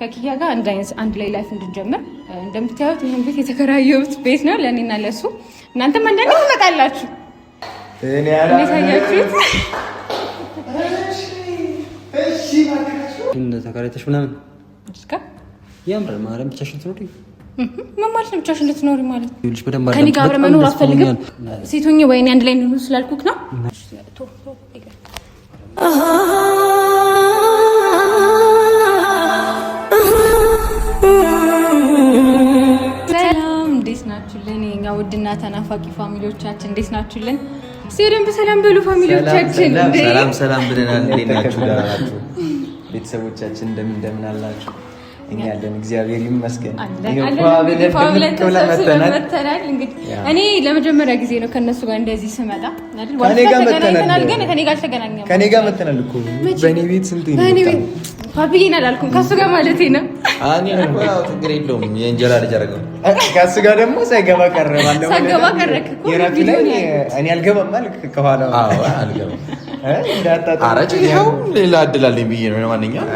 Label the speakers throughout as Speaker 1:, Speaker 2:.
Speaker 1: ከኪያ ጋር አንድ አይነት አንድ ላይ ላይፍ እንድንጀምር እንደምታዩት ይህን ቤት የተከራየሁት ቤት ነው ለእኔና ለሱ። እናንተም አንዳንድ ትመጣላችሁ ታያችሁት ተከራይተሽ ምናምን ያምራል። ማርያም ብቻሽን ትኖሪ ምን ማለት ነው? ብቻሽን ልትኖሪ ማለት ነው? ልጅ በደንብ ከኔ ጋር አብረን መኖር አትፈልግም? ሴቶኝ ወይኔ አንድ ላይ እንሆን ስላልኩክ ነው። የኛ ውድና ተናፋቂ ፋሚሊዎቻችን እንዴት ናችሁልን? እስኪ ሰላም በሉ ፋሚሊዎቻችን። ሰላም ሰላም ብለናል። እንዴት ናችሁ? ደህና ናችሁ? ቤተሰቦቻችን እንደምን እንደምን አላችሁ? እኛ ያለን እግዚአብሔር ይመስገን። እኔ ለመጀመሪያ ጊዜ ነው ከነሱ ጋር እንደዚህ ስመጣ። ከኔ ጋር መተናል እኮ በእኔ ቤት ስንት ፋብዬን አላልኩም ከሱ ጋር ማለት ነው እኔ እኮ ያው ችግር የለውም የእንጀራ ልጅ አደረገው። ከእሱ ጋር ደግሞ ሳይገባ ቀረ። ሳይገባ ቀረ እኮ የእረፍት ላይ እኔ አልገባም አልክ ከኋላ። አዎ አልገባም። ኧረ ይኸው ሌላ እድል አለኝ ብዬ ነው። ለማንኛውም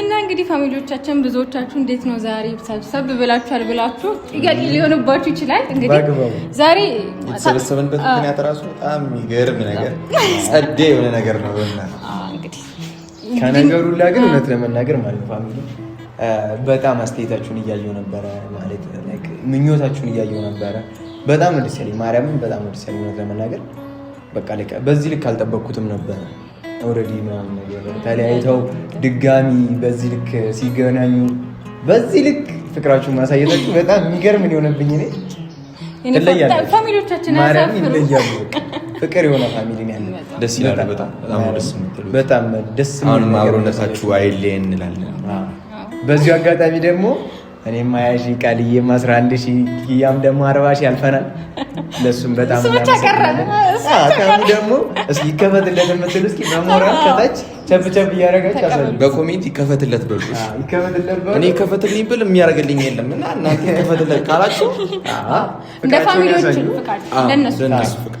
Speaker 1: እና እንግዲህ ፋሚሊዎቻችን ብዙዎቻችሁ እንዴት ነው ዛሬ ሰብሰብ ብላችኋል ብላችሁ ጥያቄ ሊሆንባችሁ ይችላል። እንግዲህ ዛሬ የተሰበሰበንበት ምክንያት ራሱ በጣም የሚገርም ነገር ጸዴ የሆነ ነገር ነው። ከነገሩ ሁላ ግን እውነት ለመናገር ማለት ፋሚሊ በጣም አስተያየታችሁን እያየሁ ነበረ፣ ማለት ምኞታችሁን እያየሁ ነበረ። በጣም ነው ደስ ያለኝ፣ ማርያምን በጣም ነው ደስ ያለኝ። እውነት ለመናገር በቃ በዚህ ልክ አልጠበቅኩትም ነበረ። ኦልሬዲ ምናምን ነገር ተለያይተው ድጋሚ በዚህ ልክ ሲገናኙ በዚህ ልክ ፍቅራችሁን ማሳየታችሁ በጣም የሚገርምን የሆነብኝ እኔ ትለያለች፣ ማርያም ይለያሉ። ፍቅር የሆነ ፋሚሊ ነው ያለን። ደስ ይላል። በጣም በጣም ደስ አሁንም አብሮነታችሁ አይሌ እንላለን። በዚሁ አጋጣሚ ደግሞ እኔ ሀያ ሺህ ቃልዬም አስራ አንድ ሺ ኪያም ደግሞ አርባ ሺ ያልፈናል። ለሱም በጣም ቀሙ ደግሞ እስኪ ይከፈትለት የምትል እስኪ በሞራል ከታች ቸብ ቸብ እያደረጋችሁ በኮሜንት ይከፈትለት በሉ። እኔ ይከፈትልኝ ብል የሚያደርግልኝ የለም እና እናንተ ይከፈትለት ካላችሁ እንደ ፋሚሊዎቹ ፍቃድ ለነሱ ፍቃድ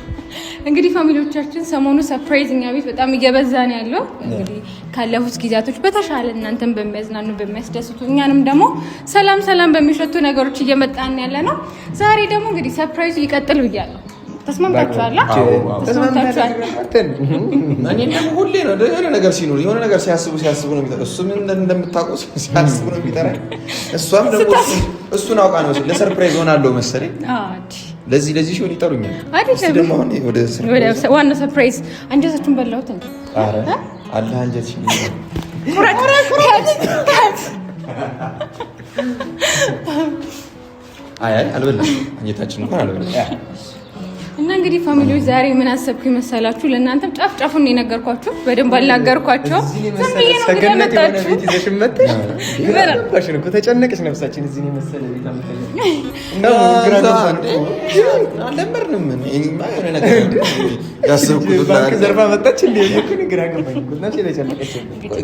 Speaker 1: እንግዲህ ፋሚሊዎቻችን ሰሞኑ ሰርፕራይዝ እኛ ቤት በጣም እየበዛ ነው ያለው። እንግዲህ ካለፉት ጊዜያቶች በተሻለ እናንተን በሚያዝናኑ በሚያስደስቱ፣ እኛንም ደግሞ ሰላም ሰላም በሚሸቱ ነገሮች እየመጣን ያለ ነው። ዛሬ ደግሞ እንግዲህ ሰርፕራይዙ ይቀጥል ብያለሁ። ተስማምታችኋል? ሁሌ ነው ሲኖር ሲያስቡ ነው የሚጠራ። ሲያስቡ ነው የሚጠራ። እሷም ደግሞ እሱን አውቃ ነው ለሰርፕራይዝ ሆናለሁ መሰለኝ ለዚህ ለዚህ ሲሆን ይጠሩኛል። አይደለም ሰርፕራይዝ አለ አንጀት አይ አልበላም፣ አንጀታችን እንኳን አልበላም። እና እንግዲህ ፋሚሊዎች ዛሬ ምን አሰብኩ ይመሰላችሁ? ለእናንተም ጫፍ ጫፉን የነገርኳችሁ በደንብ አልናገርኳቸው። ነው ተጨነቀች ነፍሳችን። እዚህ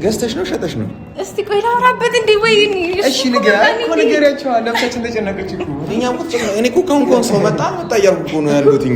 Speaker 1: ገዝተሽ ነው ሸጠሽ ነው? እስቲ ቆይ ላውራበት። እንዲ ወይ ነፍሳችን ተጨነቀች። እኔ እኮ ከሆን ሰው መጣ መጣ እያልኩ ነው ያልኩትኝ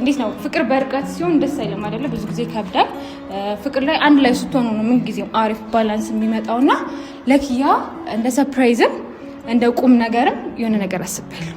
Speaker 1: እንዴት ነው ፍቅር በርቀት ሲሆን ደስ አይልም አይደለ? ብዙ ጊዜ ይከብዳል። ፍቅር ላይ አንድ ላይ ስትሆኑ ነው ጊዜም አሪፍ ባላንስ የሚመጣውና ለኪያ እንደ ሰፕራይዝም እንደ ቁም ነገርም የሆነ ነገር አስቤያለሁ።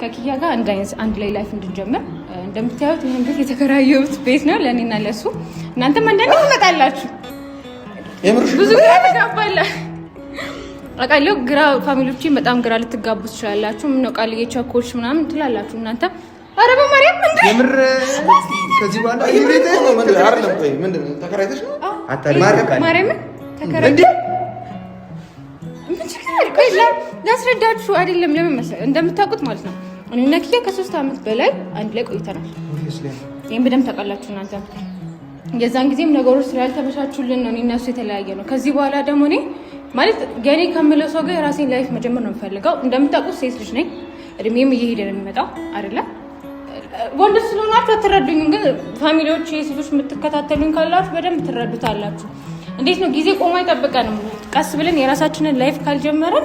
Speaker 1: ከኪያ ጋር አንድ አይነት አንድ ላይ ላይፍ እንድንጀምር እንደምታዩት ይህን ቤት የተከራየሁት ቤት ነው ለእኔና ለሱ። እናንተም አንዳንድ ትመጣላችሁ። ብዙ ግራ ትጋባላ አውቃለሁ። ግራ ፋሚሊዎችን በጣም ግራ ልትጋቡ ትችላላችሁ። ምነው ቃል የቸኮልሽ ምናምን ትላላችሁ እናንተ ኧረ በማርያም የምር ከዚህ በኋላ ይሄ ቤት ነው ላስረዳችሁ አይደለም፣ ለምን መሰለህ እንደምታውቁት ማለት ነው እኔና ከሶስት ዓመት በላይ አንድ ላይ ቆይተናል። ይህም በደንብ ታውቃላችሁ እናንተ። የዛን ጊዜም ነገሮች ስላልተመቻቹልን ነው እነሱ የተለያየ ነው። ከዚህ በኋላ ደግሞ እኔ ማለት ገኔ ከምለው ሰው ጋር የራሴን ላይፍ መጀመር ነው የምፈልገው። እንደምታውቁት ሴት ልጅ ነኝ፣ እድሜም እየሄደ ነው የሚመጣው አይደለም። ወንድ ስለሆናችሁ አትረዱኝም፣ ግን ፋሚሊዎች የሴቶች የምትከታተሉኝ ካላችሁ በደንብ ትረዱታላችሁ። እንዴት ነው ጊዜ ቆሞ አይጠብቀንም። ቀስ ብለን የራሳችንን ላይፍ ካልጀመረን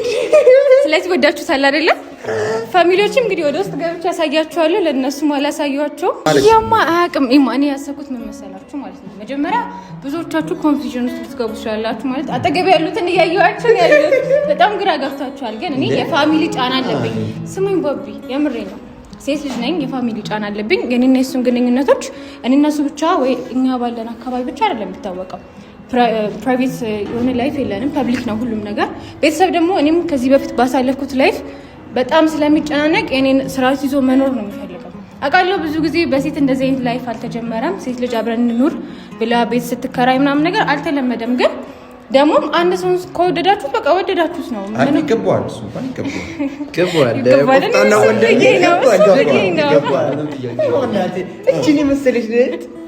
Speaker 1: ላይ ትወዳችሁታል አይደለ? ፋሚሊዎችም እንግዲህ ወደ ውስጥ ገብቼ ያሳያችኋለሁ። ለእነሱም አላሳያቸውም። ያማ አያውቅም። ኢማ እኔ ያሰብኩት ምን መሰላችሁ ማለት ነው፣ መጀመሪያ ብዙዎቻችሁ ኮንፊዥን ውስጥ ልትገቡ ስላላችሁ ማለት አጠገብ ያሉትን እያየኋችሁ ያሉት በጣም ግራ ገብታችኋል። ግን እኔ የፋሚሊ ጫና አለብኝ። ስሙኝ ቦቢ፣ የምሬ ነው ሴት ልጅ ነኝ። የፋሚሊ ጫና አለብኝ። የኔና የሱን ግንኙነቶች እኔ እነሱ ብቻ ወይ እኛ ባለን አካባቢ ብቻ አይደለም የሚታወቀው ፕራይቬት የሆነ ላይፍ የለንም፣ ፐብሊክ ነው ሁሉም ነገር። ቤተሰብ ደግሞ እኔም ከዚህ በፊት ባሳለፍኩት ላይፍ በጣም ስለሚጨናነቅ የኔን ስርዓት ይዞ መኖር ነው የሚፈልገው። አውቃለሁ ብዙ ጊዜ በሴት እንደዚህ አይነት ላይፍ አልተጀመረም። ሴት ልጅ አብረን እንኑር ብላ ቤት ስትከራይ ምናምን ነገር አልተለመደም። ግን ደግሞም አንድ ሰው ከወደዳችሁት በቃ ወደዳችሁት ነው። ይገባዋል፣ ነው።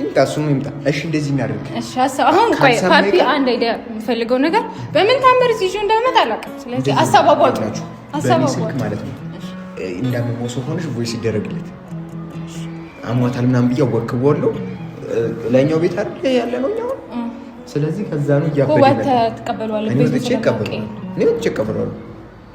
Speaker 1: ይምጣ፣ እሱም ይምጣ። እሺ፣ እንደዚህ እናደርግ። እሺ፣ ሀሳብ አሁን ቆይ፣ ፓፒ አንድ አይዲያ የምፈልገው ነገር በምን ታምር እዚህ ይዤው እንዳይመጣ አላውቅም። ስለዚህ ሀሳብ አቋርጥ፣ ሀሳብ አቋርጥ ማለት ነው። ሰው ሆነሽ ቮይስ ይደረግለት አሟታል ምናምን ብዬ አወክበዋለሁ። ላይኛው ቤት አይደል ያለ ነው እኛው። ስለዚህ ከዛ ነው እያበደ ነው። እኔ ወጥቼ እቀበለዋለሁ።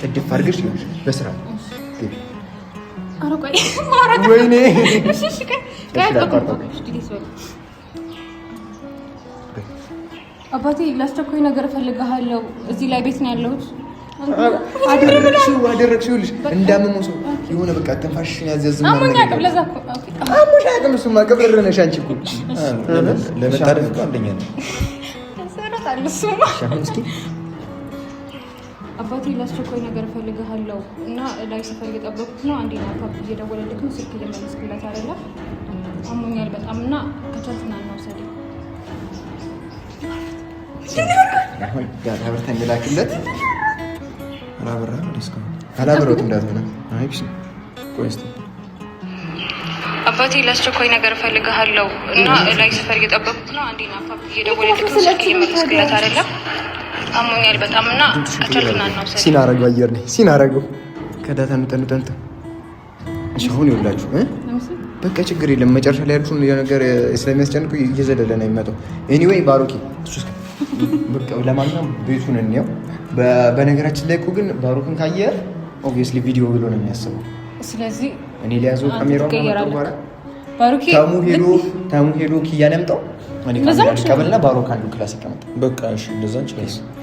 Speaker 1: ጥድፍ አድርገሽ በስራ አባቴ ላስቸኳይ ነገር እፈልግሃለሁ። እዚህ ላይ ቤት ነው ያለሁት። አደረግሽው አደረግሽው ልሽ እንዳመመው ሰው የሆነ በቃ ተንፋሽሽን ያዘዝ አሞኝ አቅም እሱማ ቅብር ነሽ አንቺ እኮ ለመጣደፍ እኮ አንደኛ ነው አባቴ ላስቸኳይ ነገር እፈልግሃለሁ እና ላይ ሰፈር እየጠበኩት ነው። አንዴ ና እየደወለልክም ስልክ እየመለስክለት አይደለም። አሞኛል በጣም እና ከቻልክ ና እናውሰድ ሀብርተን ላክለት አላብራ ደስከ አላብረት እንዳትሆነ አይሽ ቆይስ አባቴ ላስቸኳይ ነገር እፈልግሃለሁ እና ላይ ሰፈር እየጠበኩት ነው። አንዴ ና እየደወለልክም ስልክ እየመለስኩለት አይደለም አሞኛል በጣም እና ከቻልክና ነው ሲን አረገው አየር ነኝ ሲን አረገው ከዳታ ንጠንጠንጥ አሁን ይውላችሁ በቃ ችግር የለም። መጨረሻ ላይ ያልኩን ነገር ስለሚያስጨንቁ እየዘለለ ነው የሚመጣው። ኤኒዌይ በቃ ለማንኛውም ቤቱን እንየው። በነገራችን ላይ እኮ ግን ባሮክን ካየ ኦብቪየስሊ ቪዲዮ ብሎ ነው የሚያስበው። ስለዚህ እኔ ሊያዘው ካሜራውን ተሙ ሄዶ ተሙ ሄዶ ኪያ ያምጣው። እኔ ካሜራ ልቀበልና ባሮክ አንዱ ክላስ ይቀመጣል። በቃ እሺ እንደዛ እንችላለን።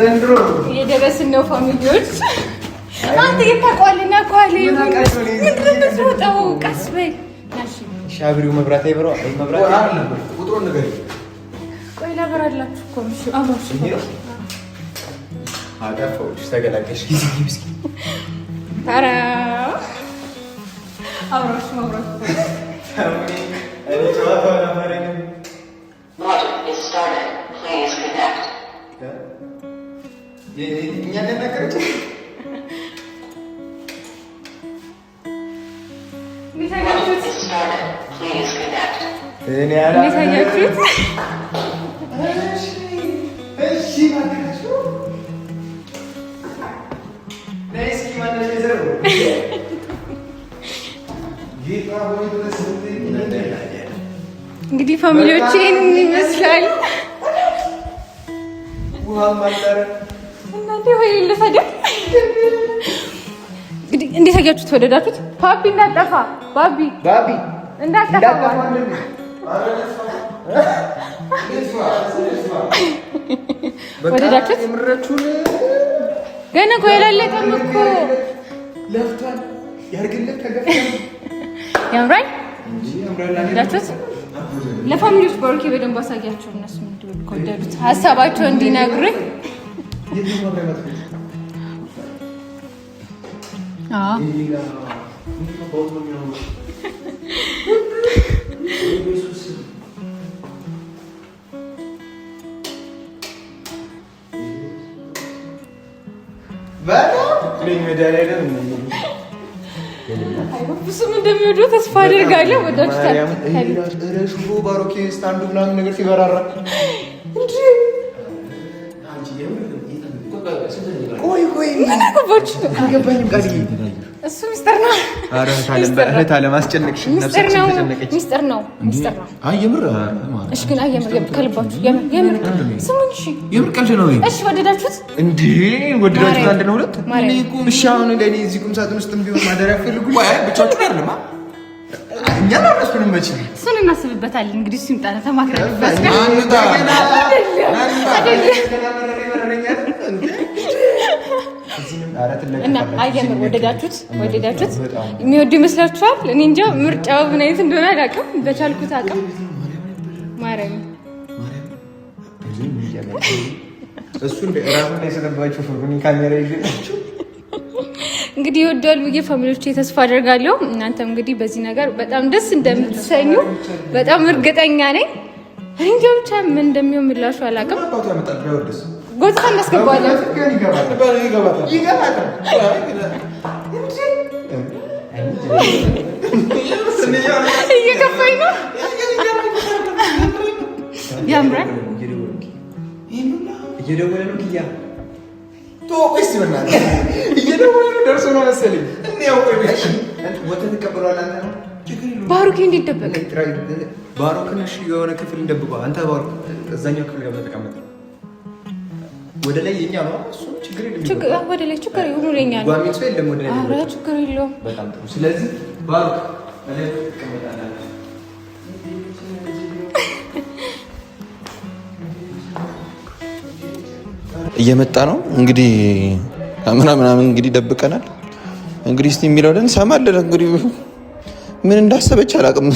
Speaker 1: ዘንድሮ የደረስን ነው ፋሚሊዎች። አንተ የታቋልና ቀስ በይ ሻብሪው መብራት አይበራው ቁጥሩን ነገር ቆይ እኮ ምሽ አጠፋሁሽ። ጊዜ ጊዜ ታራ አብራሽ ጨዋታ И меня не накрутит. Beni her an... Mesela yakıt. Her şey. Her şey arkadaşım. Neyse ki ben de yazarım. እንግዲህ ፋሚሊዎቼ ይመስላል ውሃ ማዳረግ እንዴት አያችሁት? ወደዳችሁት? ፓፒ እንዳጠፋ ባቢ ባቢ ገና እኮ የላለቀም እኮ ለፍቷል። ያርግለት ተገፍቷል። ያምራል ለፋሚሊዎች ባርኬ በደንብ አሳያቸው። እነሱ ምንድን ነው ሀሳባቸው እንዲነግሩኝ Yedi numara matematik. Ja. Ver lan. Benim medalyeyle mi bu Hayır, demiyordu. Das war der geile, aber Deutschland. Meryem, Eylül, Ereş, Bubar, Okey, İstanbul, Nagır, Figar, Arrak. አልገባችም። አልገባኝም። ቃል እሱ ሚስጥር ነው። እህት አለማስጨነቅሽ ሚስጥር ሚስጥር ነው። ሚስጥር ነው። አይ የምር እሺ። ግን አይ የምር ከልባችሁ የምር ስሙኝ። እሺ የምር ቀልድ ነው። እሺ ወደዳችሁት እንዴ? ወደዳችሁት አንድ ነው ሁለት? እሺ አሁን ለእኔ እዚህ ቁም ሳጥን ውስጥ ቢሆን ማደሪያ ፈልጉ። አይ ብቻችሁ አይደለም እኛ ራሱን መቼ እሱን እናስብበታለን። እንግዲህ ሲምጣ ተማክረንበት አየምር ወደዳችሁት ወደዳችሁት የሚወዱ ይመስላችኋል? እኔ እንጃ ምርጫው ምን አይነት እንደሆነ አላውቅም። በቻልኩት አቅም ማረኝ። እንግዲህ ይወዳሉ ብዬ ፋሚሊዎች የተስፋ አደርጋለሁ። እናንተም እንግዲህ በዚህ ነገር በጣም ደስ እንደምትሰኙ በጣም እርግጠኛ ነኝ። እንጃ ብቻ ምን እንደሚሆን ምላሹ አላውቅም። ጎትታ እናስገባዋለን። እየከፋኝ ነው። ያምራል። እየደወለ ነው እየደወለ ነው ደርሶ ነው መሰለኝ። ባሩክ እንዴት ደበቀ? ባሩክን የሆነ ክፍል እንደብቀዋል። አንተ ባሩክ እዛኛው ክፍል ጋር ተቀመጠ ወደ ላይ የኛ ነው። እሱ ችግር የለም። ችግር ወደ ላይ ችግር ሁሉ ለኛ ነው። ጓሚት ሰው የለም። ወደ ላይ አረ ችግር የለውም። በጣም ጥሩ። ስለዚህ ባሩክ ማለት ትቀመጣለህ። እየመጣ ነው እንግዲህ ምናምን እንግዲህ ደብቀናል። እንግዲህ እስቲ የሚለውን እንሰማለን እንግዲህ ምን እንዳሰበች አላቅም።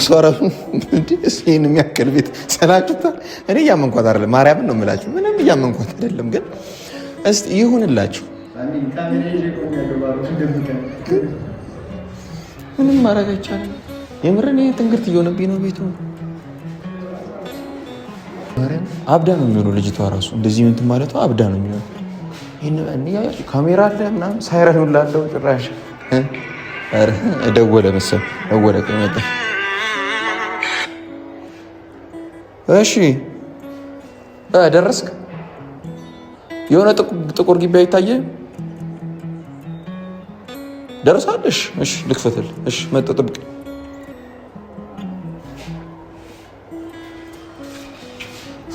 Speaker 1: እሷ ይህን የሚያክል ቤት ሰላችሁታል። እኔ እያመንኳት አይደለም፣ ማርያምን ነው የምላችሁ። ምንም እያመንኳት አይደለም፣ ግን እስቲ ይሁንላችሁ። ምንም ማድረግ አይቻልም። የምርን ይህ ትንግርት እየሆነብኝ ነው ቤቱ አብዳ ነው የሚሆነው። ልጅቷ ራሱ እንደዚህ ምንት ማለቷ አብዳ ነው የሚሆነው። ካሜራ አለ ምናምን ሳይረን ላለው ጭራሽ ደወለ መሰል ደወለ። ቀመጠ እሺ ደረስክ? የሆነ ጥቁር ግቢ አይታየ ደርሳለሽ? እሺ ልክፈትል። እሺ መጠ ጥብቅ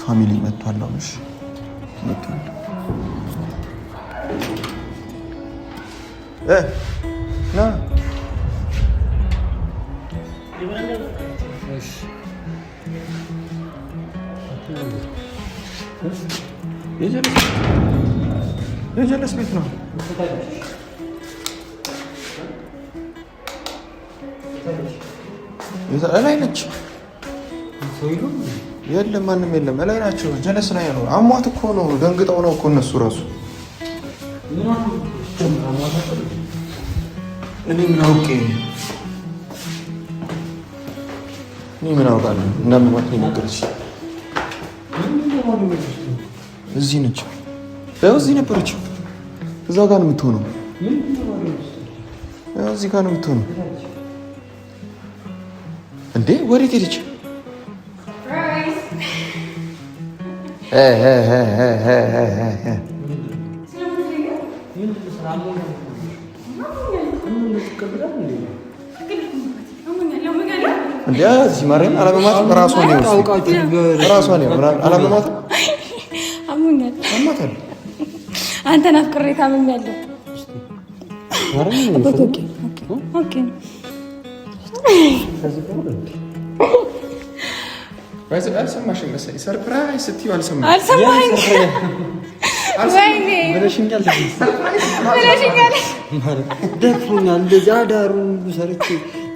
Speaker 1: ፋሚሊ መጥቷል። እሺ መጥቷል። እ ና የጀለስ ቤት ነው። እላይ ነች። የለም ማንም የለም። እላይ ናቸው። ጀለስ ላይ ነው። አሟት እኮ ነው። ደንግጠው ነው እኮ እነሱ ራሱ እኔ ምን አውቄ እኔ ምን አውቃለሁ እንዳመማት ነገር የሞከረች። እዚህ ነች፣ እዚህ ነበረች። እዛ ጋር ነው የምትሆነው፣ እዚህ ጋር ነው የምትሆነው። እንዴ ወዴት ሄደች? እንዲያ እዚህ ማርያም አላመማት ራሷ ነው ራሷ ነው አላመማት። አሞኛል አሞኛል። አንተን አፍቅሬ ታመኛለሁ። ኦኬ ኦኬ አልሰማሽም መሰለኝ። ሰርፕራይዝ ዳሩ ሰርቼ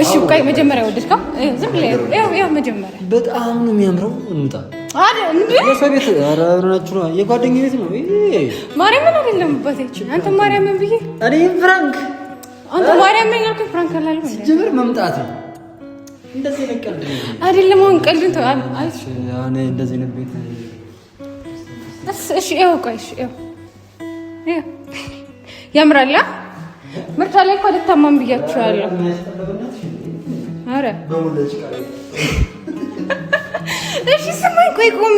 Speaker 1: እሺ ቆይ መጀመሪያ ወደድከው? ዝም ብለህ ያው ያው መጀመሪያ በጣም ነው የሚያምረው። እንውጣ አይደል እንዴ? የሰው ቤት አራራናችሁ ነው የጓደኛ ቤት ነው ይሄ። ነው አይደለም አባቴች። አንተ ማርያምን ብዬ እኔ ፍራንክ አንተ ማርያም ማርያምን ያልኩህ ፍራንክ አላልኩም። ስትጀምር መምጣት ነው እንደዚህ ነው። ቀልድ አይደለም አሁን ቀልድ ነው። አይሽ ያኔ እንደዚህ ነው ቤት። እሺ እሺ ያው ቆይ እሺ ያው ያምራል ምርጫ ላይ እኮ ልታማም ብያችኋለሁ። ኧረ እሺ፣ ስማኝ፣ ቆይ ቁም፣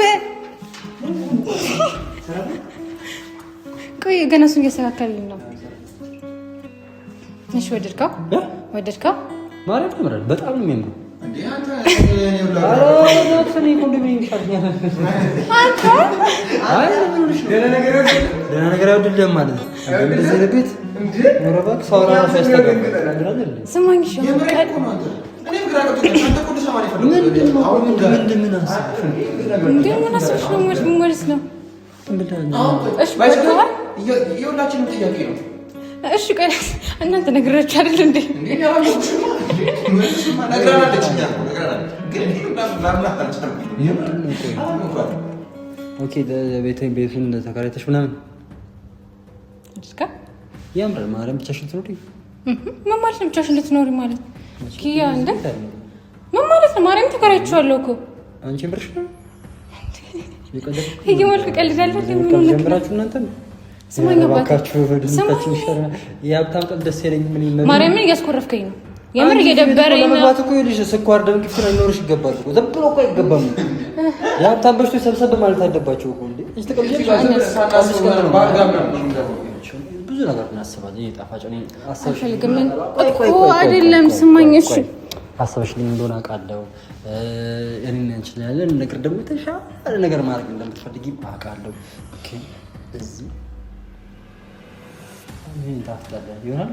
Speaker 1: ቆይ ገና እሱን እያስተካከልን ነው። እሺ፣ ወደድከው? ወደድከው? ማለት ያምራል፣ በጣም ነው የሚያምሩ ደህና ነገር አይደለም ማለት ነው። ቤት የሁላችንም ጥያቄ ነው። እሺ ቆይ እናንተ ነግራችሁ አይደል እንዴ? ኦኬ ቤቱን ተከራይተሽ ምናምን ያምራል። ማርያም ብቻሽን ትኖሪ ምን ማለት ነው? ብቻሽን ልትኖሪ ማለት ኪያ እንደ ምን ማለት ነው? ማርያም ተከራይቼዋለሁ እኮ አንቺ ብርሽ ነው እየሞልክ ቀልዳለሁ። የሀብታም ቀልድ ደስ ይለኝ። ምን ማርያምን እያስኮረፍከኝ ነው? የምር እየደበረኝ ነው። ለመግባት እኮ ይኸውልሽ ስኳር ደም ግፊት ሊኖርሽ ይገባል እኮ ዝም ብሎ እኮ አይገባም። የሀብታም በሽቶች ሰብሰብ ማለት አለባቸው እኮ እንዴ ብዙ ነገር እናስባለን። ጣፋጭ አይደለም። ስማኝ እሺ፣ አሰብሽልኝ እንደሆነ አውቃለሁ። እኔና አንቺ ነገር ደግሞ የተሻለ ነገር ማድረግ እንደምትፈልጊ አውቃለሁ። እዚህ ይሆናል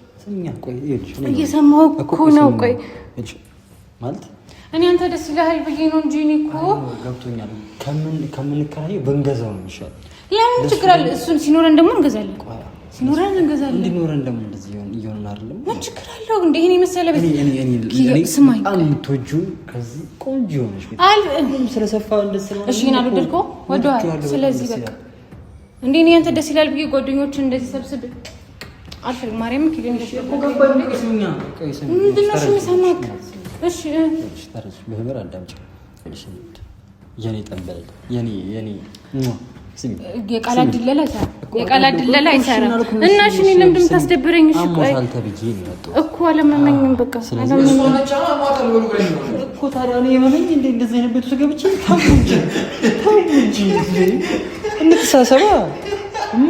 Speaker 1: እየሰማሁ እኮ ነው። ቆይ ማለት እኔ አንተ ደስ ይልሃል ብዬ ነው እንጂ እኔ እኮ ገብቶኛል። ከምንከራየው ብንገዛው ነው የሚሻለው። ለምን ችግር አለ? እሱን ሲኖረን ደግሞ እንገዛለን። ሲኖረን እንገዛለን። እንዲኖረን ደግሞ እንደዚህ እየሆንን አይደለም። ምን ችግር አለው? እንደ ይሄን የመሰለ ቤት ከዚህ ቆንጆ የሆነች ስለሰፋ እሺን አልወደድኮ ወደዋል። ስለዚህ በቃ እንደ እኔ አንተ ደስ ይላል ብዬ ጓደኞችን እንደዚህ ሰብስብ አልፈልግም። ማርያም የቃላት ድለላ አይሰራም እና እሺ፣ እኔ ለምንድን ታስደብረኝ እኮ አለመመኝም። በቃ ታዲያ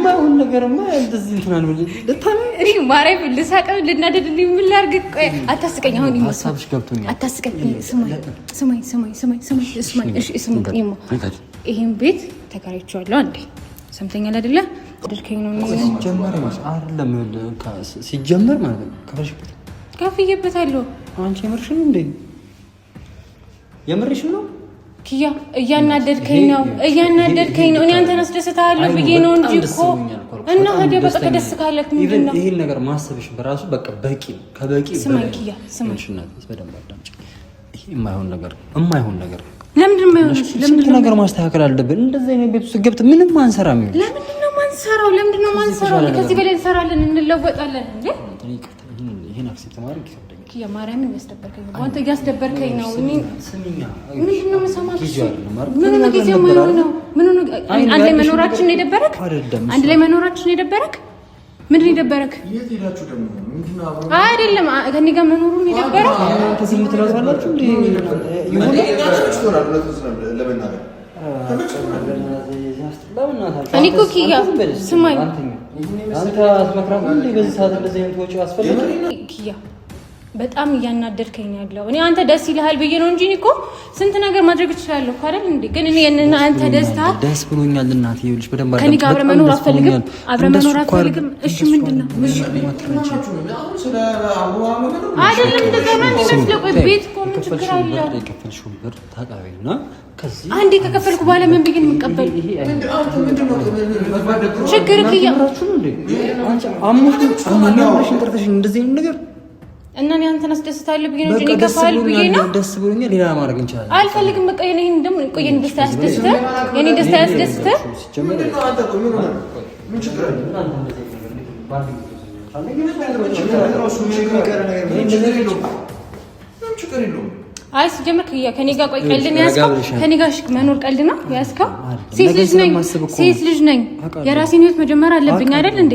Speaker 1: ማሁን ነገርማ እንደዚህ እንትን አልመ ለታም እሪ ማራይ ልሳቀም ልናደድ ምን ላድርግ? ቆይ አታስቀኝ። አሁን ሀሳብሽ ገብቶኛል። አታስቀኝ። ስማኝ ስማኝ ስማኝ ስማኝ ስማኝ። እሺ ስማኝ። ይሄን ቤት ተከራይቼዋለሁ። አንዴ ሰምተኛል አይደለ? ድርከኝ ነው ሲጀመር አይደለም ሲጀመር ማለት ነው። ከፍለሽበት ከፍዬበታለሁ። አንቺ የምርሽን እንዴ? የምርሽን ነው ኪያ እያናደድከኝ ነው፣ እያናደድከኝ ነው። እኔ አንተን አስደስታለሁ ብዬ ነው እንጂ እኮ እና ሀደ በቃ ደስ ካለህ ምንድን ነው ይሄን ነገር ማሰብሽ በራሱ በቃ በቂ ነው። ከበቂ ስማኝ፣ ኪያ ስማኝ፣ በደንብ አዳምጪ። ይሄ የማይሆን ነገር የማይሆን ነገር ለምንድን ነው ለምንድን ነገር ማስተካከል አለብን። እንደዚህ አይነት ቤት ውስጥ ገብተህ ምንም ማንሰራም ይሁን ለምንድን ነው ማንሰራው? ለምንድን ነው ማንሰራው? ከዚህ በላይ እንሰራለን፣ እንለወጣለን። እንዴ ይሄን አክሴፕት ማድረግ ይከብዳል። የማርያም እያስደበርከኝ ነው። አንተ ያስደበርከኝ ነው። ምንድን ነው የምሰማልሽ? ምን ነው ጊዜው ነው? ምን ነው አንድ ላይ መኖራችን ነው የደበረክ? አንድ ላይ መኖራችን ነው የደበረክ? ምንድን ነው የደበረክ? አይደለም ከእኔ ጋር መኖሩ ነው የደበረክ። አንተ በዚህ ሰዓት እንደዚህ አይነት ወጪ አስፈልግ ኪያ በጣም እያናደድከኝ ያለው እኔ አንተ ደስ ይልሃል ብዬ ነው እንጂ እኮ ስንት ነገር ማድረግ እችላለሁ እኮ አይደል እንዴ? ግን እኔ አንተ ደስታ ደስ ብሎኛል። እናት ይኸውልሽ፣ በደንብ ከእኔ ጋር አብረን መኖር አትፈልግም? አብረን መኖር አትፈልግም? እሺ፣ ምንድን ነው አይደለም እንደዛ ነው የሚመስለው። ቤት እኮ ምን ችግር አለ? አንዴ ከከፈልኩ በኋላ ምን ብዬ ነው የምቀበል? ችግር እኮ እያ እና እኔ አንተን አስደስታለሁ ብዬ ነው እንጂ ይከፋል ብዬ ነው። ደስ ብሎኛ ሌላ ማድረግ እንችላለን። አልፈልግም። በቃ የኔ ይሄን እንደም ቆየን ደስታ ያስደስተ የኔ ደስታ ያስደስተ አይ ሲጀምር ከኔ ጋር ቆይ፣ ቀልድ ነው ያዝከው። ከኔ ጋር መኖር ቀልድ ነው ያዝከው። ሴት ልጅ ነኝ፣ ሴት ልጅ ነኝ። የራሴን ህይወት መጀመር አለብኝ አይደል እንዴ?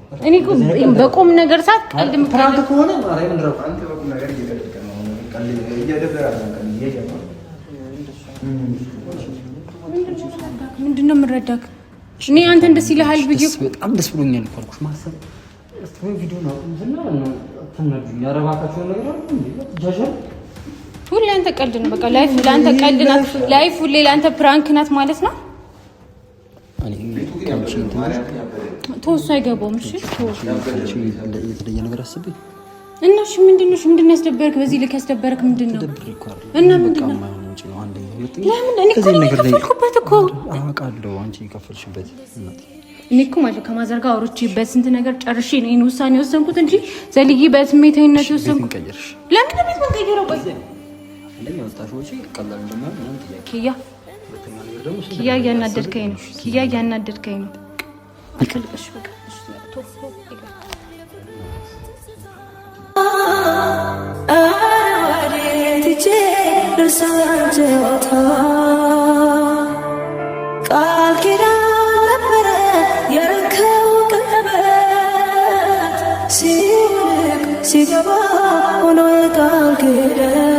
Speaker 1: እኔ በቁም ነገር ሳት ቀልድ ምትራንት ከሆነ ምንድን ነው የምረዳክ? እኔ አንተን ደስ ይልሃል ብዬ በጣም ደስ ብሎኛል እኮ አልኩሽ። ማሰብ ሁሌ አንተ ቀልድ ነው። በቃ ላይፍ ለአንተ ቀልድ ናት። ላይፍ ሁሌ ለአንተ ፕራንክ ናት ማለት ነው። ተወሱ አይገባውም። የተለየ ነገር አስቤ እና እሺ፣ ምንድን ነው እሺ፣ ምንድን ነው ያስደበረክ? በዚህ ልክ ያስደበረክ ምንድን ነው? እና ምንድን ነው እኮ ማለት ከማዘር ጋር አውርቼበት ስንት ነገር ጨርሼ ነው ይሄን ውሳኔ የወሰንኩት እንጂ ዘልዬ በስሜታዊነት የወሰንኩት ነው። ኪያ እያናደድከኝ ነው። ይቀልቅሽ በቀልቅሽ ቃል ኪዳን ሲገባ ሆኖ የቃል ኪዳን